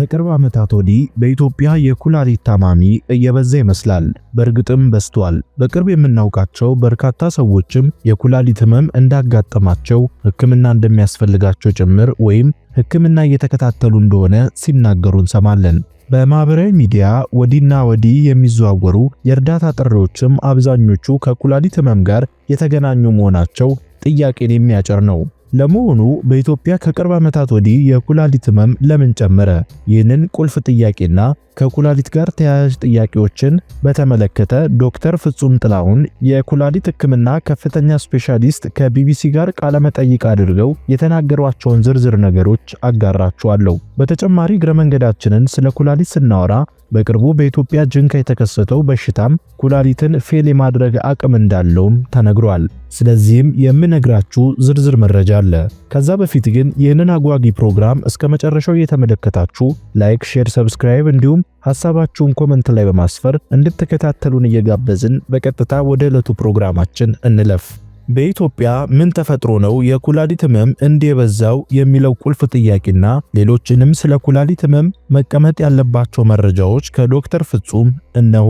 ከቅርብ ዓመታት ወዲህ በኢትዮጵያ የኩላሊት ታማሚ እየበዛ ይመስላል። በእርግጥም በዝቷል። በቅርብ የምናውቃቸው በርካታ ሰዎችም የኩላሊት ህመም እንዳጋጠማቸው ሕክምና እንደሚያስፈልጋቸው ጭምር ወይም ሕክምና እየተከታተሉ እንደሆነ ሲናገሩ እንሰማለን። በማህበራዊ ሚዲያ ወዲና ወዲህ የሚዘዋወሩ የእርዳታ ጥሪዎችም አብዛኞቹ ከኩላሊት ህመም ጋር የተገናኙ መሆናቸው ጥያቄን የሚያጭር ነው። ለመሆኑ በኢትዮጵያ ከቅርብ ዓመታት ወዲህ የኩላሊት ህመም ለምን ጨመረ? ይህንን ቁልፍ ጥያቄና ከኩላሊት ጋር ተያያዥ ጥያቄዎችን በተመለከተ ዶክተር ፍጹም ጥላሁን የኩላሊት ህክምና ከፍተኛ ስፔሻሊስት ከቢቢሲ ጋር ቃለመጠይቅ አድርገው የተናገሯቸውን ዝርዝር ነገሮች አጋራችኋለሁ። በተጨማሪ እግረ መንገዳችንን ስለ ኩላሊት ስናወራ በቅርቡ በኢትዮጵያ ጅንካ የተከሰተው በሽታም ኩላሊትን ፌል የማድረግ አቅም እንዳለውም ተነግሯል። ስለዚህም የምነግራችሁ ዝርዝር መረጃ አለ። ከዛ በፊት ግን ይህንን አጓጊ ፕሮግራም እስከ መጨረሻው እየተመለከታችሁ ላይክ፣ ሼር፣ ሰብስክራይብ እንዲሁም ሐሳባችሁን ኮመንት ላይ በማስፈር እንድትከታተሉን እየጋበዝን በቀጥታ ወደ ዕለቱ ፕሮግራማችን እንለፍ። በኢትዮጵያ ምን ተፈጥሮ ነው የኩላሊት ህመም እንደበዛው የሚለው ቁልፍ ጥያቄና ሌሎችንም ስለ ኩላሊት ህመም መቀመጥ ያለባቸው መረጃዎች ከዶክተር ፍጹም እነሆ።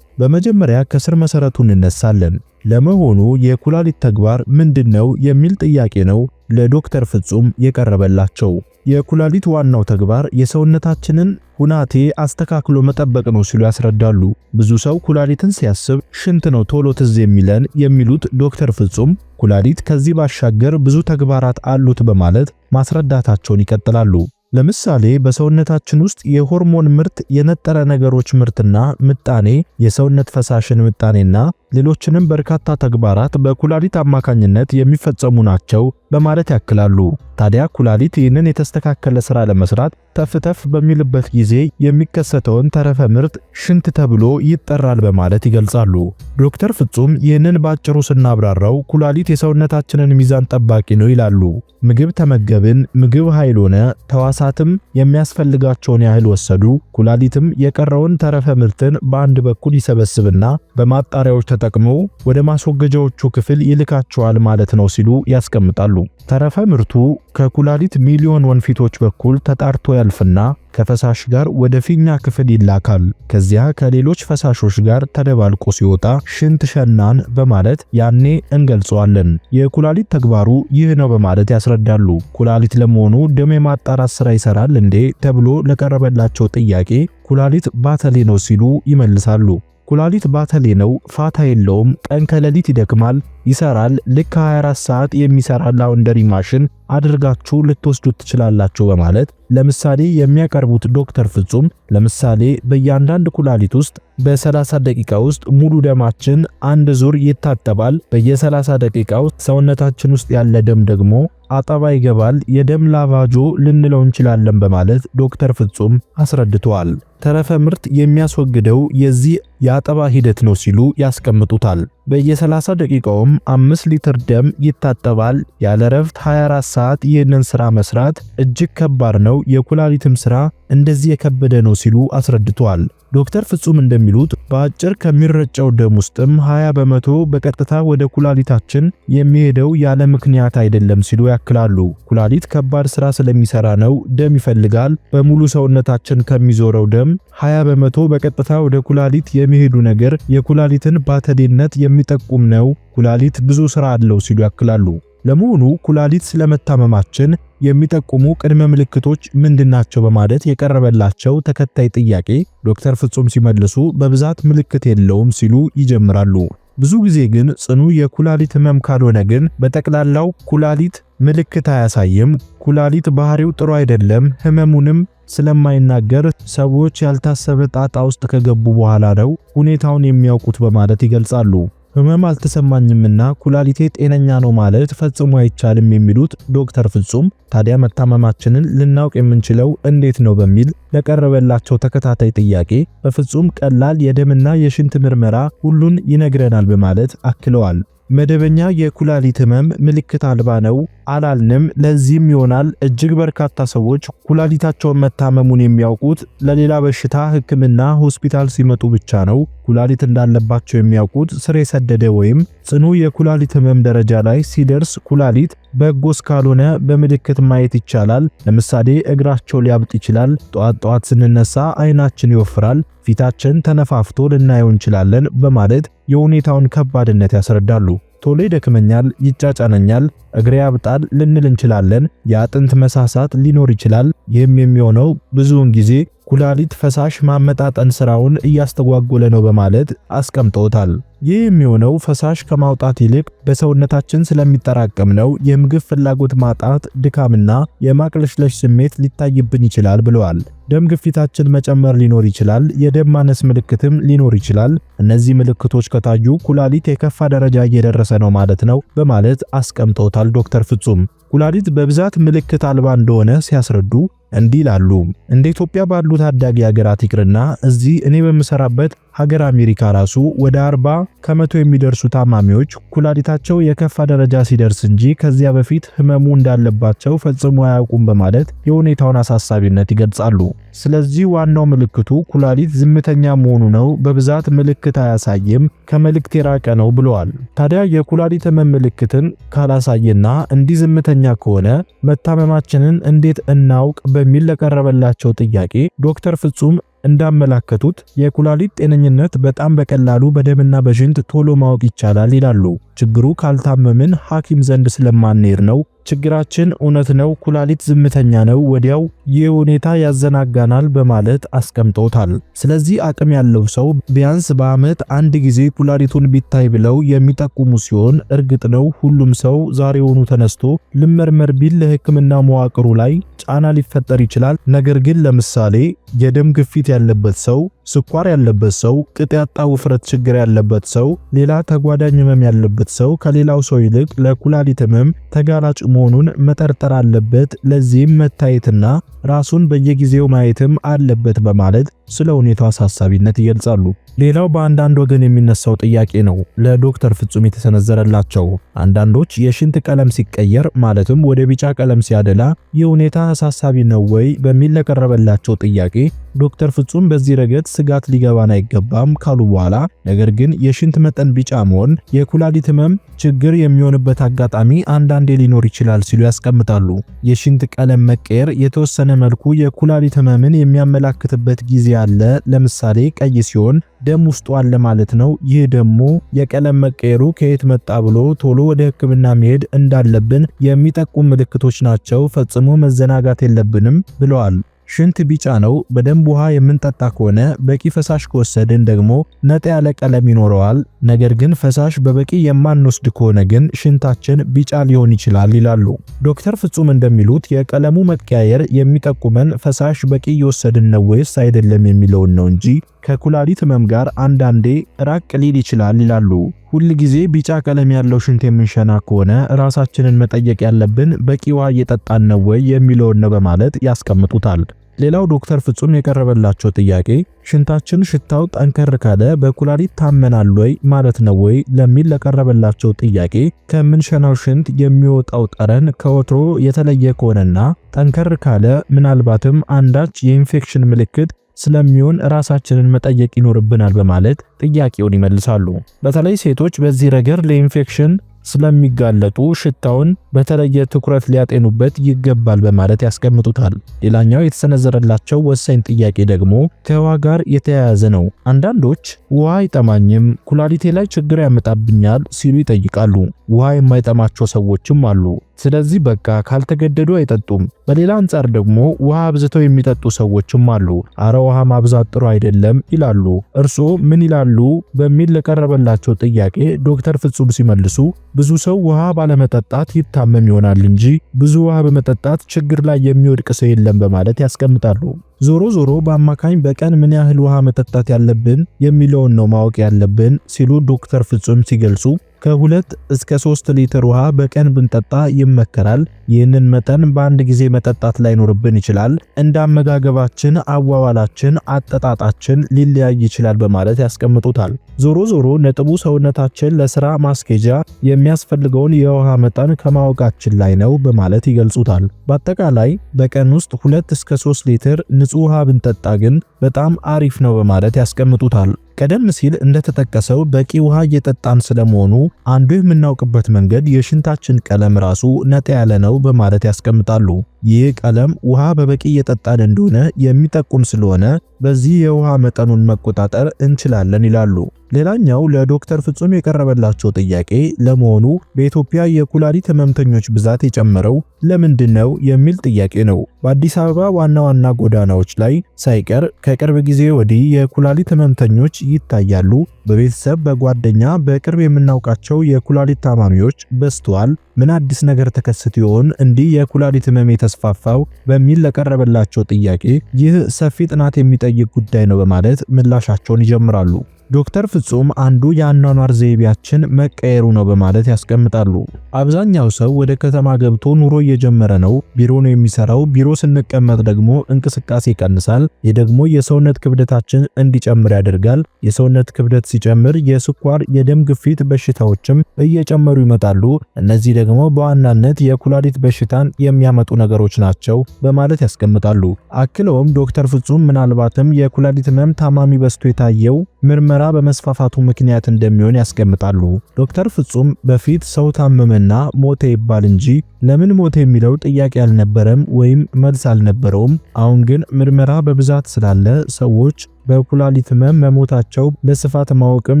በመጀመሪያ ከስር መሰረቱ እንነሳለን። ለመሆኑ የኩላሊት ተግባር ምንድነው የሚል ጥያቄ ነው ለዶክተር ፍጹም የቀረበላቸው። የኩላሊት ዋናው ተግባር የሰውነታችንን ሁናቴ አስተካክሎ መጠበቅ ነው ሲሉ ያስረዳሉ። ብዙ ሰው ኩላሊትን ሲያስብ ሽንት ነው ቶሎ ትዝ የሚለን የሚሉት ዶክተር ፍጹም ኩላሊት ከዚህ ባሻገር ብዙ ተግባራት አሉት በማለት ማስረዳታቸውን ይቀጥላሉ። ለምሳሌ በሰውነታችን ውስጥ የሆርሞን ምርት፣ የነጠረ ነገሮች ምርትና ምጣኔ፣ የሰውነት ፈሳሽን ምጣኔና ሌሎችንም በርካታ ተግባራት በኩላሊት አማካኝነት የሚፈጸሙ ናቸው በማለት ያክላሉ። ታዲያ ኩላሊት ይህንን የተስተካከለ ስራ ለመስራት ተፍተፍ በሚልበት ጊዜ የሚከሰተውን ተረፈ ምርት ሽንት ተብሎ ይጠራል በማለት ይገልጻሉ። ዶክተር ፍጹም ይህንን በአጭሩ ስናብራራው ኩላሊት የሰውነታችንን ሚዛን ጠባቂ ነው ይላሉ። ምግብ ተመገብን፣ ምግብ ኃይል ሆነ፣ ተዋሳትም የሚያስፈልጋቸውን ያህል ወሰዱ። ኩላሊትም የቀረውን ተረፈ ምርትን በአንድ በኩል ይሰበስብና በማጣሪያዎች ተጠቅሞ ወደ ማስወገጃዎቹ ክፍል ይልካቸዋል ማለት ነው ሲሉ ያስቀምጣሉ። ተረፈ ምርቱ ከኩላሊት ሚሊዮን ወንፊቶች በኩል ተጣርቶ ያልፍና ከፈሳሽ ጋር ወደ ፊኛ ክፍል ይላካል። ከዚያ ከሌሎች ፈሳሾች ጋር ተደባልቆ ሲወጣ ሽንት ሸናን በማለት ያኔ እንገልጸዋለን። የኩላሊት ተግባሩ ይህ ነው በማለት ያስረዳሉ። ኩላሊት ለመሆኑ ደም የማጣራት ስራ ይሰራል እንዴ ተብሎ ለቀረበላቸው ጥያቄ ኩላሊት ባተሌ ነው ሲሉ ይመልሳሉ። ኩላሊት ባተሌ ነው፣ ፋታ የለውም። ቀን ከሌሊት ይደክማል፣ ይሰራል። ልክ 24 ሰዓት የሚሰራ ላውንደሪ ማሽን አድርጋችሁ ልትወስዱት ትችላላችሁ በማለት ለምሳሌ የሚያቀርቡት ዶክተር ፍጹም ለምሳሌ በእያንዳንድ ኩላሊት ውስጥ በ30 ደቂቃ ውስጥ ሙሉ ደማችን አንድ ዙር ይታጠባል። በየ30 ደቂቃ ውስጥ ሰውነታችን ውስጥ ያለ ደም ደግሞ አጠባ ይገባል። የደም ላቫጆ ልንለው እንችላለን በማለት ዶክተር ፍጹም አስረድተዋል። ተረፈ ምርት የሚያስወግደው የዚህ የአጠባ ሂደት ነው ሲሉ ያስቀምጡታል። በየ30 ደቂቃውም 5 ሊትር ደም ይታጠባል። ያለ ረፍት 24 ሰዓት ይህንን ስራ መስራት እጅግ ከባድ ነው፣ የኩላሊትም ስራ እንደዚህ የከበደ ነው ሲሉ አስረድቷል። ዶክተር ፍጹም እንደሚሉት በአጭር ከሚረጨው ደም ውስጥም 20 በመቶ በቀጥታ ወደ ኩላሊታችን የሚሄደው ያለ ምክንያት አይደለም ሲሉ ያክላሉ። ኩላሊት ከባድ ስራ ስለሚሰራ ነው፣ ደም ይፈልጋል። በሙሉ ሰውነታችን ከሚዞረው ደም 20 በመቶ በቀጥታ ወደ ኩላሊት የሚሄዱ ነገር የኩላሊትን ባተዴነት የሚጠቁም ነው። ኩላሊት ብዙ ስራ አለው ሲሉ ያክላሉ። ለመሆኑ ኩላሊት ስለመታመማችን የሚጠቁሙ ቅድመ ምልክቶች ምንድናቸው? በማለት የቀረበላቸው ተከታይ ጥያቄ ዶክተር ፍጹም ሲመልሱ በብዛት ምልክት የለውም ሲሉ ይጀምራሉ። ብዙ ጊዜ ግን ጽኑ የኩላሊት ህመም ካልሆነ ግን በጠቅላላው ኩላሊት ምልክት አያሳይም። ኩላሊት ባህሪው ጥሩ አይደለም፣ ህመሙንም ስለማይናገር ሰዎች ያልታሰበ ጣጣ ውስጥ ከገቡ በኋላ ነው ሁኔታውን የሚያውቁት በማለት ይገልጻሉ። ህመም አልተሰማኝምና ኩላሊቴ ጤነኛ ነው ማለት ፈጽሞ አይቻልም የሚሉት ዶክተር ፍጹም ታዲያ መታመማችንን ልናውቅ የምንችለው እንዴት ነው በሚል ለቀረበላቸው ተከታታይ ጥያቄ በፍጹም ቀላል የደምና የሽንት ምርመራ ሁሉን ይነግረናል በማለት አክለዋል። መደበኛ የኩላሊት ህመም ምልክት አልባ ነው አላልንም። ለዚህም ይሆናል እጅግ በርካታ ሰዎች ኩላሊታቸውን መታመሙን የሚያውቁት ለሌላ በሽታ ሕክምና ሆስፒታል ሲመጡ ብቻ ነው። ኩላሊት እንዳለባቸው የሚያውቁት ስር የሰደደ ወይም ጽኑ የኩላሊት ህመም ደረጃ ላይ ሲደርስ ኩላሊት በጎ እስካልሆነ በምልክት ማየት ይቻላል። ለምሳሌ እግራቸው ሊያብጥ ይችላል። ጧት ጧት ስንነሳ አይናችን ይወፍራል፣ ፊታችን ተነፋፍቶ ልናየው እንችላለን በማለት የሁኔታውን ከባድነት ያስረዳሉ። ቶሎ ይደክመኛል፣ ይጫጫነኛል፣ እግሬ ያብጣል ልንል እንችላለን። የአጥንት መሳሳት ሊኖር ይችላል። ይህም የሚሆነው ብዙውን ጊዜ ኩላሊት ፈሳሽ ማመጣጠን ስራውን እያስተጓጎለ ነው በማለት አስቀምጦታል። ይህ የሚሆነው ፈሳሽ ከማውጣት ይልቅ በሰውነታችን ስለሚጠራቀም ነው። የምግብ ፍላጎት ማጣት፣ ድካምና የማቅለሽለሽ ስሜት ሊታይብን ይችላል ብለዋል። ደም ግፊታችን መጨመር ሊኖር ይችላል። የደም ማነስ ምልክትም ሊኖር ይችላል። እነዚህ ምልክቶች ከታዩ ኩላሊት የከፋ ደረጃ እየደረሰ ነው ማለት ነው በማለት አስቀምጦታል። ብለውታል ዶክተር ፍጹም ኩላሊት በብዛት ምልክት አልባ እንደሆነ ሲያስረዱ እንዲህ ይላሉ። እንደ ኢትዮጵያ ባሉ ታዳጊ ሀገራት ይቅርና እዚህ እኔ በምሰራበት ሀገር አሜሪካ ራሱ ወደ 40 ከመቶ የሚደርሱ ታማሚዎች ኩላሊታቸው የከፋ ደረጃ ሲደርስ እንጂ ከዚያ በፊት ህመሙ እንዳለባቸው ፈጽሞ አያውቁም በማለት የሁኔታውን አሳሳቢነት ይገልጻሉ። ስለዚህ ዋናው ምልክቱ ኩላሊት ዝምተኛ መሆኑ ነው፣ በብዛት ምልክት አያሳይም፣ ከመልእክት የራቀ ነው ብለዋል። ታዲያ የኩላሊት ህመም ምልክትን ካላሳየና እንዲህ ዝምተኛ ከሆነ መታመማችንን እንዴት እናውቅ በሚል ለቀረበላቸው ጥያቄ ዶክተር ፍጹም እንዳመላከቱት የኩላሊት ጤነኝነት በጣም በቀላሉ በደምና በሽንት ቶሎ ማወቅ ይቻላል ይላሉ። ችግሩ ካልታመምን ሐኪም ዘንድ ስለማንሄድ ነው። ችግራችን እውነት ነው፣ ኩላሊት ዝምተኛ ነው፣ ወዲያው ይህ ሁኔታ ያዘናጋናል በማለት አስቀምጦታል። ስለዚህ አቅም ያለው ሰው ቢያንስ በዓመት አንድ ጊዜ ኩላሊቱን ቢታይ ብለው የሚጠቁሙ ሲሆን እርግጥ ነው ሁሉም ሰው ዛሬውኑ ተነስቶ ልመርመር ቢል ለሕክምና መዋቅሩ ላይ ጫና ሊፈጠር ይችላል። ነገር ግን ለምሳሌ የደም ግፊት ያለበት ሰው ስኳር ያለበት ሰው፣ ቅጥ ያጣ ውፍረት ችግር ያለበት ሰው፣ ሌላ ተጓዳኝ ህመም ያለበት ሰው ከሌላው ሰው ይልቅ ለኩላሊት ህመም ተጋላጭ መሆኑን መጠርጠር አለበት። ለዚህም መታየትና ራሱን በየጊዜው ማየትም አለበት በማለት ስለ ሁኔታው አሳሳቢነት ይገልጻሉ። ሌላው በአንዳንድ ወገን የሚነሳው ጥያቄ ነው ለዶክተር ፍጹም የተሰነዘረላቸው። አንዳንዶች የሽንት ቀለም ሲቀየር ማለትም ወደ ቢጫ ቀለም ሲያደላ ይህ ሁኔታ አሳሳቢ ነው ወይ በሚል ለቀረበላቸው ጥያቄ ዶክተር ፍጹም በዚህ ረገድ ስጋት ሊገባን አይገባም ካሉ በኋላ ነገር ግን የሽንት መጠን ቢጫ መሆን የኩላሊት ህመም ችግር የሚሆንበት አጋጣሚ አንዳንዴ ሊኖር ይችላል ሲሉ ያስቀምጣሉ። የሽንት ቀለም መቀየር የተወሰነ መልኩ የኩላሊት ህመምን የሚያመላክትበት ጊዜ አለ። ለምሳሌ ቀይ ሲሆን ደም ውስጡ አለ ማለት ነው። ይህ ደግሞ የቀለም መቀየሩ ከየት መጣ ብሎ ቶሎ ወደ ህክምና መሄድ እንዳለብን የሚጠቁም ምልክቶች ናቸው። ፈጽሞ መዘናጋት የለብንም ብለዋል። ሽንት ቢጫ ነው። በደንብ ውሃ የምንጠጣ ከሆነ በቂ ፈሳሽ ከወሰድን ደግሞ ነጣ ያለ ቀለም ይኖረዋል። ነገር ግን ፈሳሽ በበቂ የማንወስድ ከሆነ ግን ሽንታችን ቢጫ ሊሆን ይችላል ይላሉ ዶክተር ፍጹም። እንደሚሉት የቀለሙ መቀያየር የሚጠቁመን ፈሳሽ በቂ እየወሰድን ነው ወይስ አይደለም የሚለውን ነው እንጂ ከኩላሊት ህመም ጋር አንዳንዴ ራቅ ሊል ይችላል ይላሉ። ሁል ጊዜ ቢጫ ቀለም ያለው ሽንት የምንሸና ከሆነ ራሳችንን መጠየቅ ያለብን በቂ ውሃ እየጠጣን ነው ወይ የሚለውን ነው በማለት ያስቀምጡታል። ሌላው ዶክተር ፍጹም የቀረበላቸው ጥያቄ ሽንታችን ሽታው ጠንከር ካለ በኩላሊት ታመናል ወይ ማለት ነው ወይ ለሚል ለቀረበላቸው ጥያቄ ከምንሸናው ሽንት የሚወጣው ጠረን ከወትሮ የተለየ ከሆነና ጠንከር ካለ ምናልባትም አንዳች የኢንፌክሽን ምልክት ስለሚሆን ራሳችንን መጠየቅ ይኖርብናል በማለት ጥያቄውን ይመልሳሉ። በተለይ ሴቶች በዚህ ረገድ ለኢንፌክሽን ስለሚጋለጡ ሽታውን በተለየ ትኩረት ሊያጤኑበት ይገባል በማለት ያስቀምጡታል። ሌላኛው የተሰነዘረላቸው ወሳኝ ጥያቄ ደግሞ ከውሃ ጋር የተያያዘ ነው። አንዳንዶች ውሃ አይጠማኝም፣ ኩላሊቴ ላይ ችግር ያመጣብኛል ሲሉ ይጠይቃሉ። ውሃ የማይጠማቸው ሰዎችም አሉ። ስለዚህ በቃ ካልተገደዱ አይጠጡም። በሌላ አንጻር ደግሞ ውሃ አብዝተው የሚጠጡ ሰዎችም አሉ። አረ ውሃ ማብዛት ጥሩ አይደለም ይላሉ። እርስዎ ምን ይላሉ በሚል ለቀረበላቸው ጥያቄ ዶክተር ፍጹም ሲመልሱ ብዙ ሰው ውሃ ባለመጠጣት ይታመም ይሆናል እንጂ ብዙ ውሃ በመጠጣት ችግር ላይ የሚወድቅ ሰው የለም በማለት ያስቀምጣሉ። ዞሮ ዞሮ በአማካኝ በቀን ምን ያህል ውሃ መጠጣት ያለብን የሚለውን ነው ማወቅ ያለብን ሲሉ ዶክተር ፍጹም ሲገልጹ ከሁለት እስከ 3 ሊትር ውሃ በቀን ብንጠጣ ይመከራል። ይህንን መጠን በአንድ ጊዜ መጠጣት ላይኖርብን ይችላል። እንደ አመጋገባችን፣ አዋዋላችን፣ አጠጣጣችን ሊለያይ ይችላል በማለት ያስቀምጡታል። ዞሮ ዞሮ ነጥቡ ሰውነታችን ለስራ ማስኬጃ የሚያስፈልገውን የውሃ መጠን ከማወቃችን ላይ ነው በማለት ይገልጹታል። በአጠቃላይ በቀን ውስጥ 2 እስከ 3 ሊትር ንጹህ ውሃ ብንጠጣ ግን በጣም አሪፍ ነው በማለት ያስቀምጡታል። ቀደም ሲል እንደተጠቀሰው በቂ ውሃ እየጠጣን ስለመሆኑ አንዱ የምናውቅበት መንገድ የሽንታችን ቀለም ራሱ ነጣ ያለ ነው በማለት ያስቀምጣሉ። ይህ ቀለም ውሃ በበቂ እየጠጣን እንደሆነ የሚጠቁም ስለሆነ በዚህ የውሃ መጠኑን መቆጣጠር እንችላለን ይላሉ። ሌላኛው ለዶክተር ፍጹም የቀረበላቸው ጥያቄ ለመሆኑ በኢትዮጵያ የኩላሊት ህመምተኞች ብዛት የጨመረው ለምንድን ነው የሚል ጥያቄ ነው። በአዲስ አበባ ዋና ዋና ጎዳናዎች ላይ ሳይቀር ከቅርብ ጊዜ ወዲህ የኩላሊት ህመምተኞች ይታያሉ። በቤተሰብ በጓደኛ በቅርብ የምናውቃቸው የኩላሊት ታማሚዎች በስተዋል ምን አዲስ ነገር ተከስት ይሆን እንዲህ የኩላሊት ህመም የተስፋፋው በሚል ለቀረበላቸው ጥያቄ ይህ ሰፊ ጥናት የሚጠይቅ ጉዳይ ነው በማለት ምላሻቸውን ይጀምራሉ። ዶክተር ፍጹም አንዱ የአኗኗር ዘይቤያችን መቀየሩ ነው በማለት ያስቀምጣሉ። አብዛኛው ሰው ወደ ከተማ ገብቶ ኑሮ እየጀመረ ነው። ቢሮ ነው የሚሰራው። ቢሮ ስንቀመጥ ደግሞ እንቅስቃሴ ይቀንሳል። ይህ ደግሞ የሰውነት ክብደታችን እንዲጨምር ያደርጋል። የሰውነት ክብደት ሲጨምር የስኳር፣ የደም ግፊት በሽታዎችም እየጨመሩ ይመጣሉ። እነዚህ ደግሞ በዋናነት የኩላሊት በሽታን የሚያመጡ ነገሮች ናቸው በማለት ያስቀምጣሉ። አክለውም ዶክተር ፍጹም ምናልባትም የኩላሊት ህመም ታማሚ በስቶ የታየው ምርመራ በመስፋፋቱ ምክንያት እንደሚሆን ያስቀምጣሉ። ዶክተር ፍጹም በፊት ሰው ታመመና ሞተ ይባል እንጂ ለምን ሞተ የሚለው ጥያቄ አልነበረም ወይም መልስ አልነበረውም። አሁን ግን ምርመራ በብዛት ስላለ ሰዎች በኩላሊት ህመም መሞታቸው በስፋት ማወቅም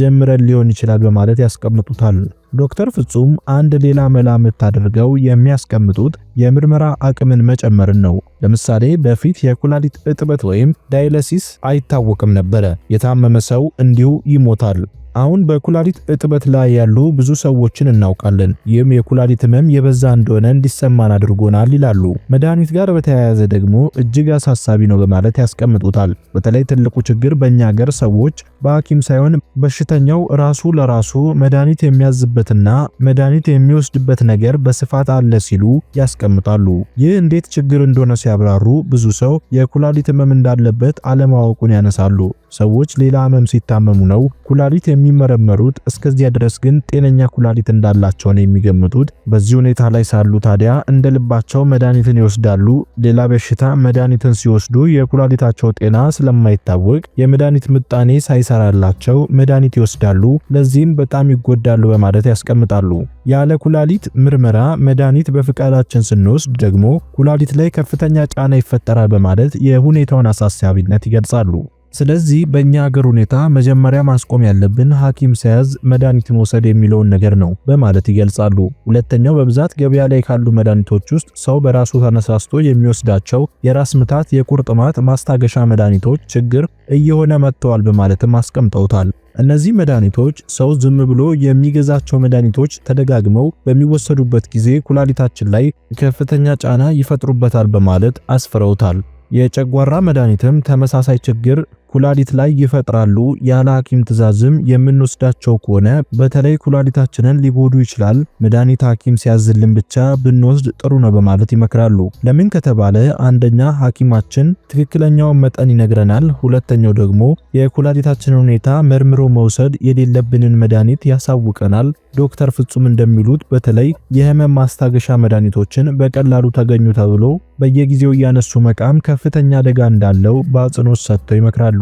ጀምረን ሊሆን ይችላል በማለት ያስቀምጡታል። ዶክተር ፍጹም አንድ ሌላ መላምት አድርገው የሚያስቀምጡት የምርመራ አቅምን መጨመርን ነው። ለምሳሌ በፊት የኩላሊት እጥበት ወይም ዳይለሲስ አይታወቅም ነበረ። የታመመ ሰው እንዲሁ ይሞታል። አሁን በኩላሊት እጥበት ላይ ያሉ ብዙ ሰዎችን እናውቃለን። ይህም የኩላሊት ህመም የበዛ እንደሆነ እንዲሰማን አድርጎናል ይላሉ። መድኃኒት ጋር በተያያዘ ደግሞ እጅግ አሳሳቢ ነው በማለት ያስቀምጡታል። በተለይ ትልቁ ችግር በእኛ ሀገር ሰዎች በሐኪም ሳይሆን በሽተኛው ራሱ ለራሱ መድኃኒት የሚያዝበትና መድኃኒት የሚወስድበት ነገር በስፋት አለ ሲሉ ያስቀምጣሉ። ይህ እንዴት ችግር እንደሆነ ሲያብራሩ ብዙ ሰው የኩላሊት ህመም እንዳለበት አለማወቁን ያነሳሉ። ሰዎች ሌላ ህመም ሲታመሙ ነው ኩላሊት የሚ የሚመረመሩት። እስከዚያ ድረስ ግን ጤነኛ ኩላሊት እንዳላቸው ነው የሚገምቱት። በዚህ ሁኔታ ላይ ሳሉ ታዲያ እንደ ልባቸው መድኃኒትን ይወስዳሉ። ሌላ በሽታ መድኃኒትን ሲወስዱ የኩላሊታቸው ጤና ስለማይታወቅ የመድኃኒት ምጣኔ ሳይሰራላቸው መድኃኒት ይወስዳሉ። ለዚህም በጣም ይጎዳሉ በማለት ያስቀምጣሉ። ያለ ኩላሊት ምርመራ መድኃኒት በፍቃዳችን ስንወስድ ደግሞ ኩላሊት ላይ ከፍተኛ ጫና ይፈጠራል በማለት የሁኔታውን አሳሳቢነት ይገልጻሉ። ስለዚህ በእኛ ሀገር ሁኔታ መጀመሪያ ማስቆም ያለብን ሐኪም ሳያዝ መድኃኒት መውሰድ የሚለውን ነገር ነው በማለት ይገልጻሉ። ሁለተኛው በብዛት ገበያ ላይ ካሉ መድኃኒቶች ውስጥ ሰው በራሱ ተነሳስቶ የሚወስዳቸው የራስ ምታት፣ የቁርጥማት ማስታገሻ መድኃኒቶች ችግር እየሆነ መጥተዋል በማለትም አስቀምጠውታል። እነዚህ መድኃኒቶች ሰው ዝም ብሎ የሚገዛቸው መድኃኒቶች ተደጋግመው በሚወሰዱበት ጊዜ ኩላሊታችን ላይ ከፍተኛ ጫና ይፈጥሩበታል በማለት አስፍረውታል። የጨጓራ መድኃኒትም ተመሳሳይ ችግር ኩላሊት ላይ ይፈጥራሉ። ያለ ሐኪም ትዕዛዝም የምንወስዳቸው ከሆነ በተለይ ኩላሊታችንን ሊጎዱ ይችላል። መድኃኒት ሐኪም ሲያዝልን ብቻ ብንወስድ ጥሩ ነው በማለት ይመክራሉ። ለምን ከተባለ አንደኛ ሐኪማችን ትክክለኛውን መጠን ይነግረናል። ሁለተኛው ደግሞ የኩላሊታችንን ሁኔታ መርምሮ መውሰድ የሌለብንን መድኃኒት ያሳውቀናል። ዶክተር ፍጹም እንደሚሉት በተለይ የህመም ማስታገሻ መድኃኒቶችን በቀላሉ ተገኙ ተብሎ በየጊዜው እያነሱ መቃም ከፍተኛ አደጋ እንዳለው በአጽንኦት ሰጥተው ይመክራሉ።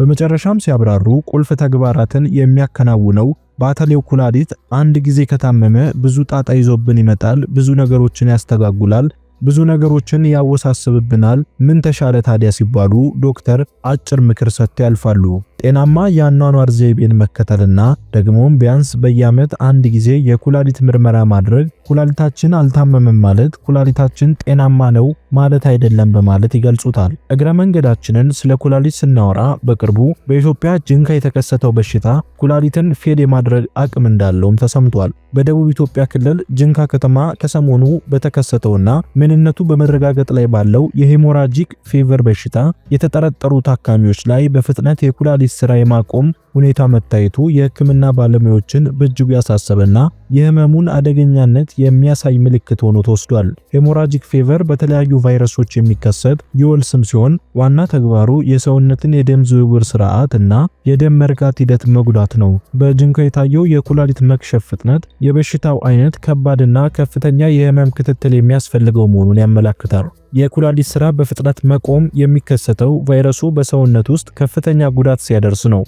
በመጨረሻም ሲያብራሩ ቁልፍ ተግባራትን የሚያከናውነው በአተሌው ኩላሊት አንድ ጊዜ ከታመመ ብዙ ጣጣ ይዞብን ይመጣል፣ ብዙ ነገሮችን ያስተጋጉላል፣ ብዙ ነገሮችን ያወሳስብብናል። ምን ተሻለ ታዲያ ሲባሉ ዶክተር አጭር ምክር ሰጥተው ያልፋሉ። ጤናማ የአኗኗር ዘይቤን መከተልና ደግሞም ቢያንስ በየዓመት አንድ ጊዜ የኩላሊት ምርመራ ማድረግ ኩላሊታችን አልታመመም ማለት ኩላሊታችን ጤናማ ነው ማለት አይደለም በማለት ይገልጹታል። እግረ መንገዳችንን ስለ ኩላሊት ስናወራ በቅርቡ በኢትዮጵያ ጅንካ የተከሰተው በሽታ ኩላሊትን ፌድ የማድረግ አቅም እንዳለውም ተሰምቷል። በደቡብ ኢትዮጵያ ክልል ጅንካ ከተማ ከሰሞኑ በተከሰተውና ምንነቱ በመረጋገጥ ላይ ባለው የሄሞራጂክ ፌቨር በሽታ የተጠረጠሩ ታካሚዎች ላይ በፍጥነት የኩላሊት ስራ የማቆም ሁኔታ መታየቱ የሕክምና ባለሙያዎችን በእጅጉ ያሳሰበና የህመሙን አደገኛነት የሚያሳይ ምልክት ሆኖ ተወስዷል። ሄሞራጂክ ፌቨር በተለያዩ ቫይረሶች የሚከሰት የወል ስም ሲሆን ዋና ተግባሩ የሰውነትን የደም ዝውውር ስርዓት እና የደም መርጋት ሂደት መጉዳት ነው። በጅንካ የታየው የኩላሊት መክሸፍ ፍጥነት የበሽታው አይነት ከባድና ከፍተኛ የህመም ክትትል የሚያስፈልገው መሆኑን ያመላክታል። የኩላሊት ስራ በፍጥነት መቆም የሚከሰተው ቫይረሱ በሰውነት ውስጥ ከፍተኛ ጉዳት ሲያደርስ ነው።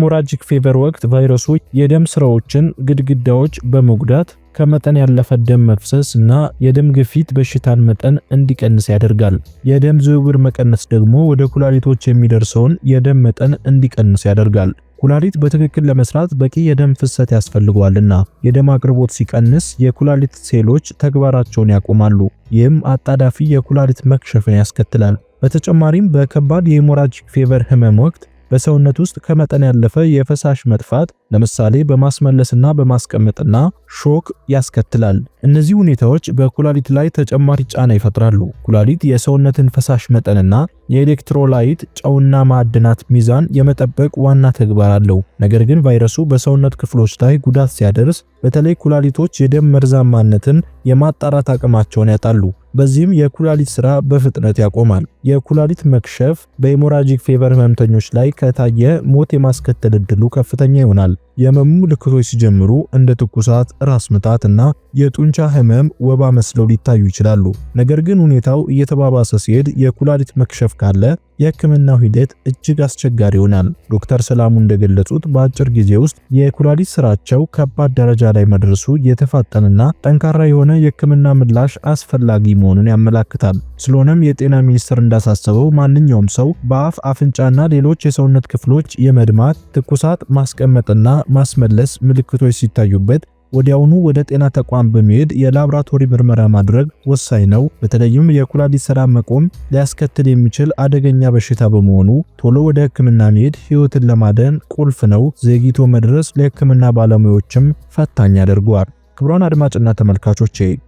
በሄሞራጂክ ፌቨር ወቅት ቫይረሱ የደም ስራዎችን ግድግዳዎች በመጉዳት ከመጠን ያለፈ ደም መፍሰስ እና የደም ግፊት በሽታን መጠን እንዲቀንስ ያደርጋል። የደም ዝውውር መቀነስ ደግሞ ወደ ኩላሊቶች የሚደርሰውን የደም መጠን እንዲቀንስ ያደርጋል። ኩላሊት በትክክል ለመስራት በቂ የደም ፍሰት ያስፈልገዋልና የደም አቅርቦት ሲቀንስ የኩላሊት ሴሎች ተግባራቸውን ያቆማሉ። ይህም አጣዳፊ የኩላሊት መክሸፍን ያስከትላል። በተጨማሪም በከባድ የሄሞራጂክ ፌቨር ህመም ወቅት በሰውነት ውስጥ ከመጠን ያለፈ የፈሳሽ መጥፋት ለምሳሌ በማስመለስና በማስቀመጥና ሾክ ያስከትላል። እነዚህ ሁኔታዎች በኩላሊት ላይ ተጨማሪ ጫና ይፈጥራሉ። ኩላሊት የሰውነትን ፈሳሽ መጠንና የኤሌክትሮላይት ጨውና ማዕድናት ሚዛን የመጠበቅ ዋና ተግባር አለው። ነገር ግን ቫይረሱ በሰውነት ክፍሎች ላይ ጉዳት ሲያደርስ በተለይ ኩላሊቶች የደም መርዛማነትን የማጣራት አቅማቸውን ያጣሉ። በዚህም የኩላሊት ስራ በፍጥነት ያቆማል። የኩላሊት መክሸፍ በሄሞራጂክ ፌቨር ህመምተኞች ላይ ከታየ ሞት የማስከተል እድሉ ከፍተኛ ይሆናል። የህመሙ ምልክቶች ሲጀምሩ እንደ ትኩሳት፣ ራስ ምታት እና የጡንቻ ህመም ወባ መስለው ሊታዩ ይችላሉ። ነገር ግን ሁኔታው እየተባባሰ ሲሄድ የኩላሊት መክሸፍ ካለ የህክምናው ሂደት እጅግ አስቸጋሪ ይሆናል። ዶክተር ሰላሙ እንደገለጹት በአጭር ጊዜ ውስጥ የኩላሊት ስራቸው ከባድ ደረጃ ላይ መድረሱ የተፋጠንና ጠንካራ የሆነ የህክምና ምላሽ አስፈላጊ መሆኑን ያመላክታል። ስለሆነም የጤና ሚኒስቴር እንዳሳሰበው ማንኛውም ሰው በአፍ አፍንጫና ሌሎች የሰውነት ክፍሎች የመድማት ትኩሳት፣ ማስቀመጥና ማስመለስ ምልክቶች ሲታዩበት ወዲያውኑ ወደ ጤና ተቋም በመሄድ የላብራቶሪ ምርመራ ማድረግ ወሳኝ ነው። በተለይም የኩላሊት ስራ መቆም ሊያስከትል የሚችል አደገኛ በሽታ በመሆኑ ቶሎ ወደ ሕክምና መሄድ ህይወትን ለማደን ቁልፍ ነው። ዘግይቶ መድረስ ለሕክምና ባለሙያዎችም ፈታኝ አድርጓል። ክብሯን አድማጭና ተመልካቾቼ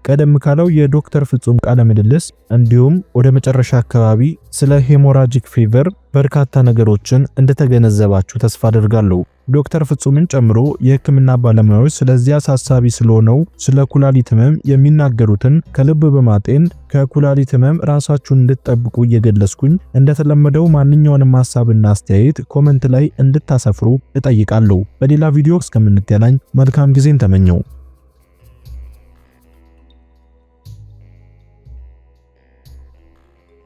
ቀደም ካለው የዶክተር ፍጹም ቃለ ምልልስ እንዲሁም ወደ መጨረሻ አካባቢ ስለ ሄሞራጂክ ፊቨር በርካታ ነገሮችን እንደተገነዘባችሁ ተስፋ አደርጋለሁ። ዶክተር ፍጹምን ጨምሮ የህክምና ባለሙያዎች ስለዚህ አሳሳቢ ስለሆነው ስለ ኩላሊት ህመም የሚናገሩትን ከልብ በማጤን ከኩላሊት ህመም ራሳችሁን እንድትጠብቁ እየገለጽኩኝ እንደተለመደው ማንኛውንም ሀሳብና አስተያየት ኮመንት ላይ እንድታሰፍሩ እጠይቃለሁ። በሌላ ቪዲዮ እስከምንገናኝ መልካም ጊዜን ተመኘው።